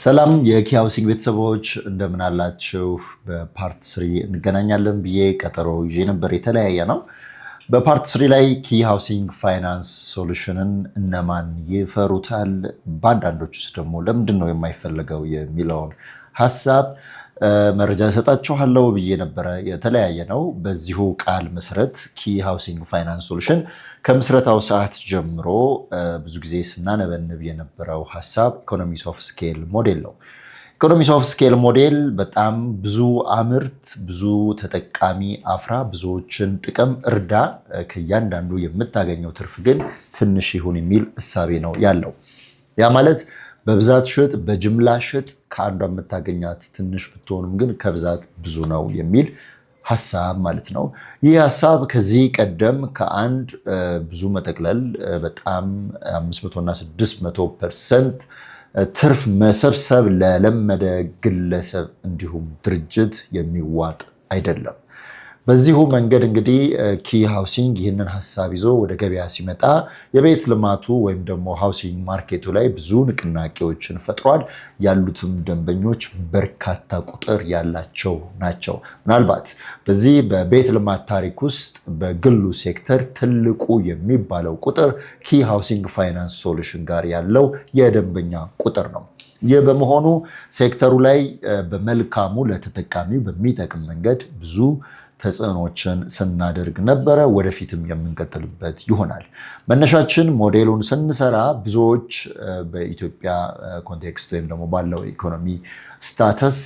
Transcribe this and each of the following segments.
ሰላም ሃውሲንግ ቤተሰቦች እንደምን አላችሁ? በፓርት ስሪ እንገናኛለን ብዬ ቀጠሮ ይዤ ነበር። የተለያየ ነው። በፓርት ስሪ ላይ ኪ ሃውሲንግ ፋይናንስ ሶሉሽንን እነማን ይፈሩታል፣ በአንዳንዶች ውስጥ ደግሞ ለምንድን ነው የማይፈለገው የሚለውን ሀሳብ መረጃ እሰጣችኋለሁ ብዬ ነበረ። የተለያየ ነው። በዚሁ ቃል መሰረት ኪ ሃውሲንግ ፋይናንስ ሶሉሽን ከምስረታው ሰዓት ጀምሮ ብዙ ጊዜ ስናነበንብ የነበረው ሀሳብ ኢኮኖሚስ ኦፍ ስኬል ሞዴል ነው። ኢኮኖሚስ ኦፍ ስኬል ሞዴል በጣም ብዙ አምርት፣ ብዙ ተጠቃሚ አፍራ፣ ብዙዎችን ጥቅም እርዳ፣ ከእያንዳንዱ የምታገኘው ትርፍ ግን ትንሽ ይሁን የሚል እሳቤ ነው ያለው ያ ማለት በብዛት ሽጥ፣ በጅምላ ሽጥ። ከአንዷ የምታገኛት ትንሽ ብትሆንም ግን ከብዛት ብዙ ነው የሚል ሀሳብ ማለት ነው። ይህ ሀሳብ ከዚህ ቀደም ከአንድ ብዙ መጠቅለል በጣም 500ና 600 ፐርሰንት ትርፍ መሰብሰብ ለለመደ ግለሰብ እንዲሁም ድርጅት የሚዋጥ አይደለም። በዚሁ መንገድ እንግዲህ ኪ ሃውሲንግ ይህንን ሀሳብ ይዞ ወደ ገበያ ሲመጣ የቤት ልማቱ ወይም ደግሞ ሃውሲንግ ማርኬቱ ላይ ብዙ ንቅናቄዎችን ፈጥሯል። ያሉትም ደንበኞች በርካታ ቁጥር ያላቸው ናቸው። ምናልባት በዚህ በቤት ልማት ታሪክ ውስጥ በግሉ ሴክተር ትልቁ የሚባለው ቁጥር ኪ ሃውሲንግ ፋይናንስ ሶሉሽን ጋር ያለው የደንበኛ ቁጥር ነው። ይህ በመሆኑ ሴክተሩ ላይ በመልካሙ ለተጠቃሚው በሚጠቅም መንገድ ብዙ ተጽዕኖችን ስናደርግ ነበረ። ወደፊትም የምንቀጥልበት ይሆናል። መነሻችን ሞዴሉን ስንሰራ ብዙዎች በኢትዮጵያ ኮንቴክስት ወይም ደግሞ ባለው ኢኮኖሚ ስታተስ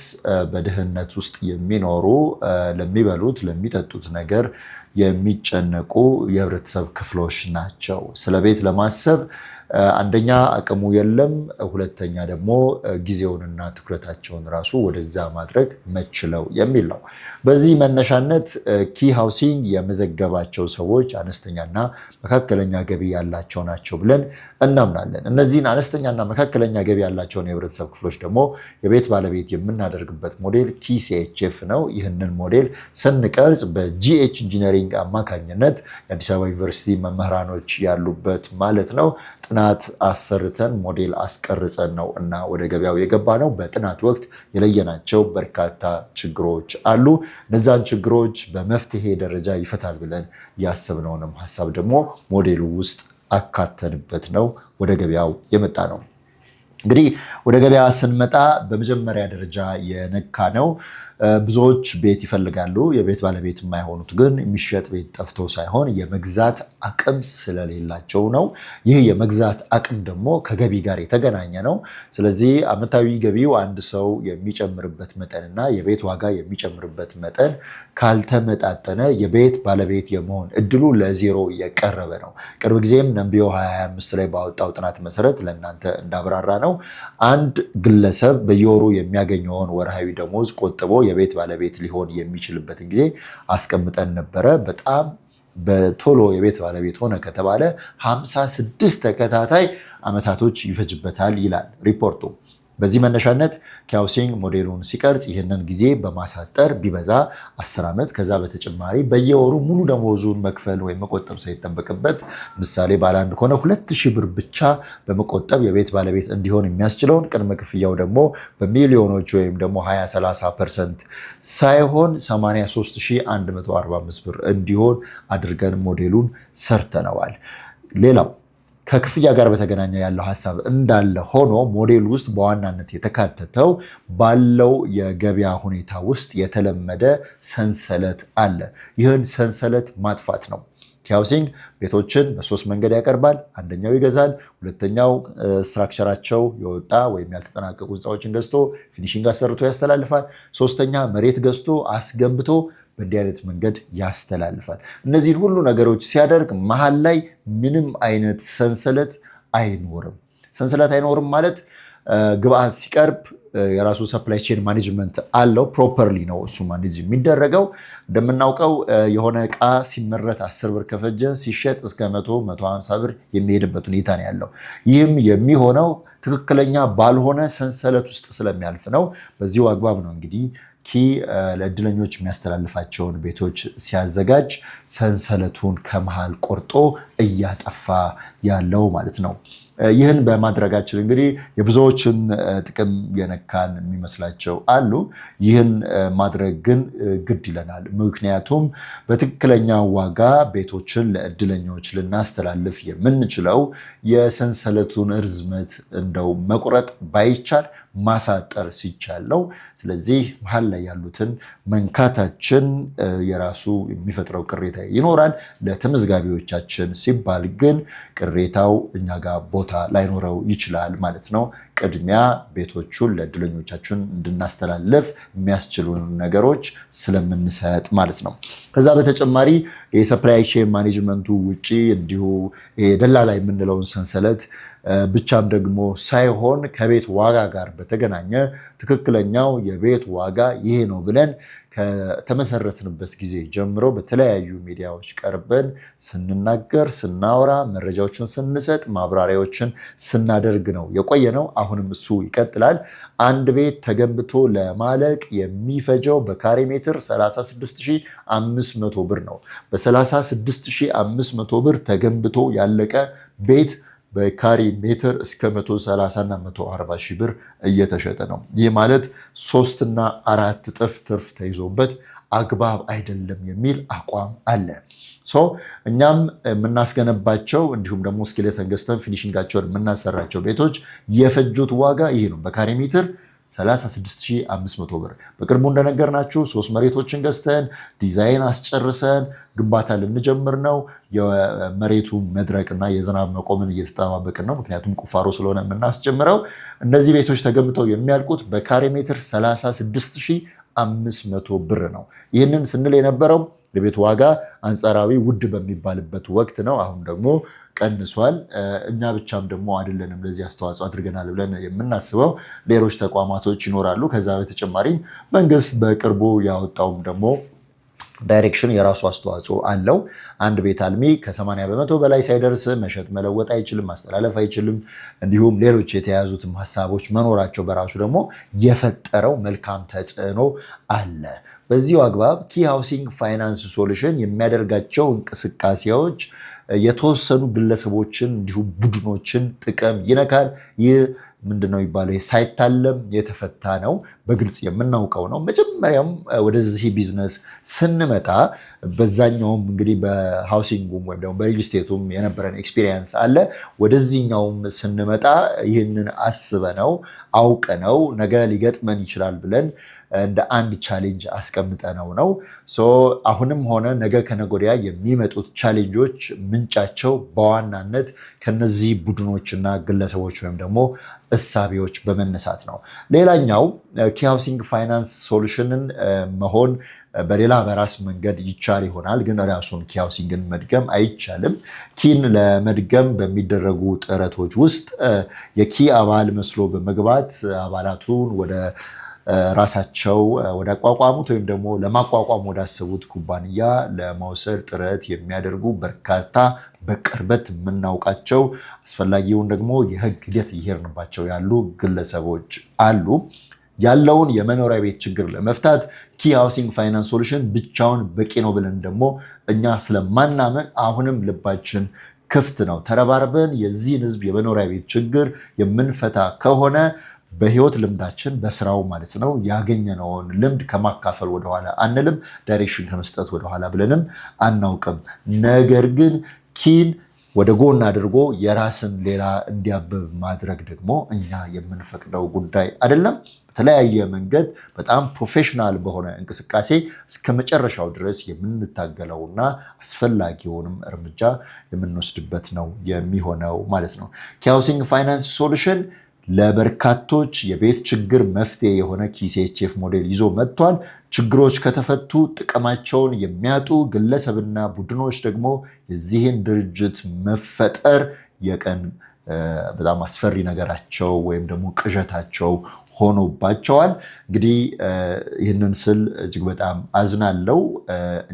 በድህነት ውስጥ የሚኖሩ ለሚበሉት፣ ለሚጠጡት ነገር የሚጨነቁ የህብረተሰብ ክፍሎች ናቸው። ስለ ቤት ለማሰብ አንደኛ አቅሙ የለም፣ ሁለተኛ ደግሞ ጊዜውንና ትኩረታቸውን ራሱ ወደዛ ማድረግ መችለው የሚል ነው። በዚህ መነሻነት ኪ ሃውሲንግ የመዘገባቸው ሰዎች አነስተኛና መካከለኛ ገቢ ያላቸው ናቸው ብለን እናምናለን። እነዚህን አነስተኛና መካከለኛ ገቢ ያላቸውን የህብረተሰብ ክፍሎች ደግሞ የቤት ባለቤት የምናደርግበት ሞዴል ኪ ሲኤችኤፍ ነው። ይህንን ሞዴል ስንቀርጽ በጂኤች ኢንጂነሪንግ አማካኝነት የአዲስ አበባ ዩኒቨርሲቲ መምህራኖች ያሉበት ማለት ነው ጥናት አሰርተን ሞዴል አስቀርጸን ነው እና ወደ ገበያው የገባ ነው። በጥናት ወቅት የለየናቸው በርካታ ችግሮች አሉ። እነዛን ችግሮች በመፍትሄ ደረጃ ይፈታል ብለን ያሰብነውንም ሀሳብ ደግሞ ሞዴሉ ውስጥ አካተንበት ነው ወደ ገበያው የመጣ ነው። እንግዲህ ወደ ገበያ ስንመጣ በመጀመሪያ ደረጃ የነካ ነው ብዙዎች ቤት ይፈልጋሉ። የቤት ባለቤት የማይሆኑት ግን የሚሸጥ ቤት ጠፍቶ ሳይሆን የመግዛት አቅም ስለሌላቸው ነው። ይህ የመግዛት አቅም ደግሞ ከገቢ ጋር የተገናኘ ነው። ስለዚህ ዓመታዊ ገቢው አንድ ሰው የሚጨምርበት መጠንና የቤት ዋጋ የሚጨምርበት መጠን ካልተመጣጠነ የቤት ባለቤት የመሆን እድሉ ለዜሮ እየቀረበ ነው። ቅርብ ጊዜም ነምቢዮ 25 ላይ ባወጣው ጥናት መሰረት ለእናንተ እንዳብራራ ነው አንድ ግለሰብ በየወሩ የሚያገኘውን ወርሃዊ ደሞዝ ቆጥቦ የቤት ባለቤት ሊሆን የሚችልበትን ጊዜ አስቀምጠን ነበረ። በጣም በቶሎ የቤት ባለቤት ሆነ ከተባለ 56 ተከታታይ ዓመታቶች ይፈጅበታል ይላል ሪፖርቱ። በዚህ መነሻነት ኪያውሲንግ ሞዴሉን ሲቀርጽ ይህንን ጊዜ በማሳጠር ቢበዛ አስር ዓመት ከዛ በተጨማሪ በየወሩ ሙሉ ደሞዙን መክፈል ወይም መቆጠብ ሳይጠበቅበት ምሳሌ ባለ አንድ ከሆነ ሁለት ሺህ ብር ብቻ በመቆጠብ የቤት ባለቤት እንዲሆን የሚያስችለውን ቅድመ ክፍያው ደግሞ በሚሊዮኖች ወይም ደግሞ 230 ፐርሰንት ሳይሆን 83145 ብር እንዲሆን አድርገን ሞዴሉን ሰርተነዋል። ሌላው ከክፍያ ጋር በተገናኘ ያለው ሀሳብ እንዳለ ሆኖ ሞዴል ውስጥ በዋናነት የተካተተው ባለው የገበያ ሁኔታ ውስጥ የተለመደ ሰንሰለት አለ። ይህን ሰንሰለት ማጥፋት ነው። ኪያውሲንግ ቤቶችን በሶስት መንገድ ያቀርባል። አንደኛው ይገዛል፣ ሁለተኛው ስትራክቸራቸው የወጣ ወይም ያልተጠናቀቁ ህንፃዎችን ገዝቶ ፊኒሽንግ አሰርቶ ያስተላልፋል። ሶስተኛ መሬት ገዝቶ አስገንብቶ በእንዲህ አይነት መንገድ ያስተላልፋል። እነዚህን ሁሉ ነገሮች ሲያደርግ መሀል ላይ ምንም አይነት ሰንሰለት አይኖርም። ሰንሰለት አይኖርም ማለት ግብአት ሲቀርብ የራሱ ሰፕላይ ቼን ማኔጅመንት አለው። ፕሮፐርሊ ነው እሱ ማኔጅ የሚደረገው። እንደምናውቀው የሆነ እቃ ሲመረት አስር ብር ከፈጀ ሲሸጥ እስከ መቶ መቶ ሀምሳ ብር የሚሄድበት ሁኔታ ነው ያለው። ይህም የሚሆነው ትክክለኛ ባልሆነ ሰንሰለት ውስጥ ስለሚያልፍ ነው። በዚሁ አግባብ ነው እንግዲህ ኪ ለእድለኞች የሚያስተላልፋቸውን ቤቶች ሲያዘጋጅ ሰንሰለቱን ከመሃል ቆርጦ እያጠፋ ያለው ማለት ነው። ይህን በማድረጋችን እንግዲህ የብዙዎችን ጥቅም የነካን የሚመስላቸው አሉ። ይህን ማድረግ ግን ግድ ይለናል። ምክንያቱም በትክክለኛ ዋጋ ቤቶችን ለእድለኞች ልናስተላልፍ የምንችለው የሰንሰለቱን ርዝመት እንደው መቁረጥ ባይቻል ማሳጠር ሲቻል ነው። ስለዚህ መሀል ላይ ያሉትን መንካታችን የራሱ የሚፈጥረው ቅሬታ ይኖራል። ለተመዝጋቢዎቻችን ሲባል ግን ቅሬታው እኛ ጋር ቦታ ላይኖረው ይችላል ማለት ነው። ቅድሚያ ቤቶቹን ለእድለኞቻችን እንድናስተላለፍ የሚያስችሉን ነገሮች ስለምንሰጥ ማለት ነው። ከዛ በተጨማሪ የሰፕላይ ቼን ማኔጅመንቱ ውጪ እንዲሁ ደላላ የምንለውን ሰንሰለት ብቻም ደግሞ ሳይሆን ከቤት ዋጋ ጋር በተገናኘ ትክክለኛው የቤት ዋጋ ይሄ ነው ብለን ከተመሰረትንበት ጊዜ ጀምሮ በተለያዩ ሚዲያዎች ቀርበን ስንናገር፣ ስናወራ፣ መረጃዎችን ስንሰጥ፣ ማብራሪያዎችን ስናደርግ ነው የቆየ ነው። አሁንም እሱ ይቀጥላል። አንድ ቤት ተገንብቶ ለማለቅ የሚፈጀው በካሬ ሜትር 36500 ብር ነው። በ36500 ብር ተገንብቶ ያለቀ ቤት በካሪ ሜትር እስከ 130 እና 140 ሺህ ብር እየተሸጠ ነው። ይህ ማለት ሶስትና አራት እጥፍ ትርፍ ተይዞበት አግባብ አይደለም የሚል አቋም አለ። ሶ እኛም የምናስገነባቸው እንዲሁም ደግሞ ስኬሌተን ፊኒሽንጋቸውን የምናሰራቸው ቤቶች የፈጁት ዋጋ ይህ ነው በካሪ ሜትር 36500 ብር። በቅርቡ እንደነገርናችሁ ሶስት መሬቶችን ገዝተን ዲዛይን አስጨርሰን ግንባታ ልንጀምር ነው። የመሬቱ መድረቅና የዝናብ መቆምን እየተጠባበቅን ነው። ምክንያቱም ቁፋሮ ስለሆነ የምናስጀምረው። እነዚህ ቤቶች ተገንብተው የሚያልቁት በካሬ ሜትር 36500 ብር ነው። ይህንን ስንል የነበረው የቤት ዋጋ አንጻራዊ ውድ በሚባልበት ወቅት ነው። አሁን ደግሞ ቀንሷል። እኛ ብቻም ደግሞ አይደለንም ለዚህ አስተዋጽኦ አድርገናል ብለን የምናስበው ሌሎች ተቋማቶች ይኖራሉ። ከዛ በተጨማሪም መንግስት በቅርቡ ያወጣውም ደግሞ ዳይሬክሽን የራሱ አስተዋጽኦ አለው። አንድ ቤት አልሚ ከ80 በመቶ በላይ ሳይደርስ መሸጥ መለወጥ አይችልም፣ ማስተላለፍ አይችልም። እንዲሁም ሌሎች የተያዙትም ሀሳቦች መኖራቸው በራሱ ደግሞ የፈጠረው መልካም ተጽዕኖ አለ። በዚሁ አግባብ ኪ ሃውሲንግ ፋይናንስ ሶሉሽን የሚያደርጋቸው እንቅስቃሴዎች የተወሰኑ ግለሰቦችን እንዲሁም ቡድኖችን ጥቅም ይነካል። ይህ ምንድነው ነው የሚባለው? ሳይታለም የተፈታ ነው፣ በግልጽ የምናውቀው ነው። መጀመሪያም ወደዚህ ቢዝነስ ስንመጣ በዛኛውም እንግዲህ በሃውሲንጉም ወይም ደግሞ በሪል ስቴቱም የነበረን ኤክስፒሪየንስ አለ። ወደዚህኛውም ስንመጣ ይህንን አስበ ነው አውቀ ነው ነገ ሊገጥመን ይችላል ብለን እንደ አንድ ቻሌንጅ አስቀምጠ ነው። ሶ አሁንም ሆነ ነገ ከነጎዲያ የሚመጡት ቻሌንጆች ምንጫቸው በዋናነት ከነዚህ ቡድኖች እና ግለሰቦች ወይም ደግሞ እሳቤዎች በመነሳት ነው። ሌላኛው ኪ ሃውሲንግ ፋይናንስ ሶሉሽንን መሆን በሌላ በራስ መንገድ ይቻል ይሆናል፣ ግን ራሱን ኪያውሲንግን መድገም አይቻልም። ኪን ለመድገም በሚደረጉ ጥረቶች ውስጥ የኪ አባል መስሎ በመግባት አባላቱን ወደ ራሳቸው ወደ አቋቋሙት ወይም ደግሞ ለማቋቋም ወዳሰቡት ኩባንያ ለመውሰድ ጥረት የሚያደርጉ በርካታ በቅርበት የምናውቃቸው አስፈላጊውን ደግሞ የሕግ ሂደት እየሄድንባቸው ያሉ ግለሰቦች አሉ። ያለውን የመኖሪያ ቤት ችግር ለመፍታት ኪ ሃውሲንግ ፋይናንስ ሶሉሽን ብቻውን በቂ ነው ብለን ደግሞ እኛ ስለማናምን አሁንም ልባችን ክፍት ነው። ተረባርበን የዚህን ህዝብ የመኖሪያ ቤት ችግር የምንፈታ ከሆነ በህይወት ልምዳችን በስራው ማለት ነው ያገኘነውን ልምድ ከማካፈል ወደኋላ አንልም። ዳይሬክሽን ከመስጠት ወደኋላ ብለንም አናውቅም። ነገር ግን ኪን ወደ ጎን አድርጎ የራስን ሌላ እንዲያብብ ማድረግ ደግሞ እኛ የምንፈቅደው ጉዳይ አይደለም። በተለያየ መንገድ በጣም ፕሮፌሽናል በሆነ እንቅስቃሴ እስከ መጨረሻው ድረስ የምንታገለውና አስፈላጊውንም እርምጃ የምንወስድበት ነው የሚሆነው ማለት ነው። ኪ ሃውሲንግ ፋይናንስ ሶሉሽን ለበርካቶች የቤት ችግር መፍትሄ የሆነ ኪሴቼፍ ሞዴል ይዞ መጥቷል። ችግሮች ከተፈቱ ጥቅማቸውን የሚያጡ ግለሰብና ቡድኖች ደግሞ የዚህን ድርጅት መፈጠር የቀን በጣም አስፈሪ ነገራቸው ወይም ደግሞ ቅዠታቸው ሆኖባቸዋል። እንግዲህ ይህንን ስል እጅግ በጣም አዝናለው።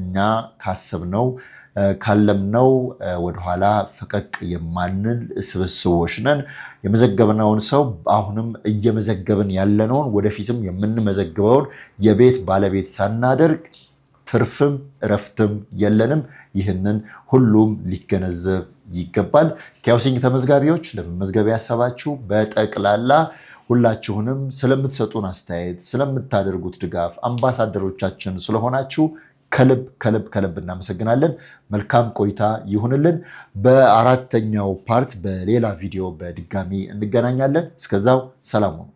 እኛ ካሰብነው ካለምነው ወደኋላ ፈቀቅ የማንል ስብስቦች ነን። የመዘገብነውን ሰው አሁንም እየመዘገብን ያለነውን ወደፊትም የምንመዘግበውን የቤት ባለቤት ሳናደርግ ትርፍም እረፍትም የለንም። ይህንን ሁሉም ሊገነዘብ ይገባል። ቲያውሲንግ ተመዝጋቢዎች ለመመዝገብ ያሰባችሁ በጠቅላላ ሁላችሁንም ስለምትሰጡን አስተያየት፣ ስለምታደርጉት ድጋፍ አምባሳደሮቻችን ስለሆናችሁ ከልብ ከልብ ከልብ እናመሰግናለን። መልካም ቆይታ ይሁንልን። በአራተኛው ፓርት በሌላ ቪዲዮ በድጋሚ እንገናኛለን። እስከዛው ሰላም ሁኑ።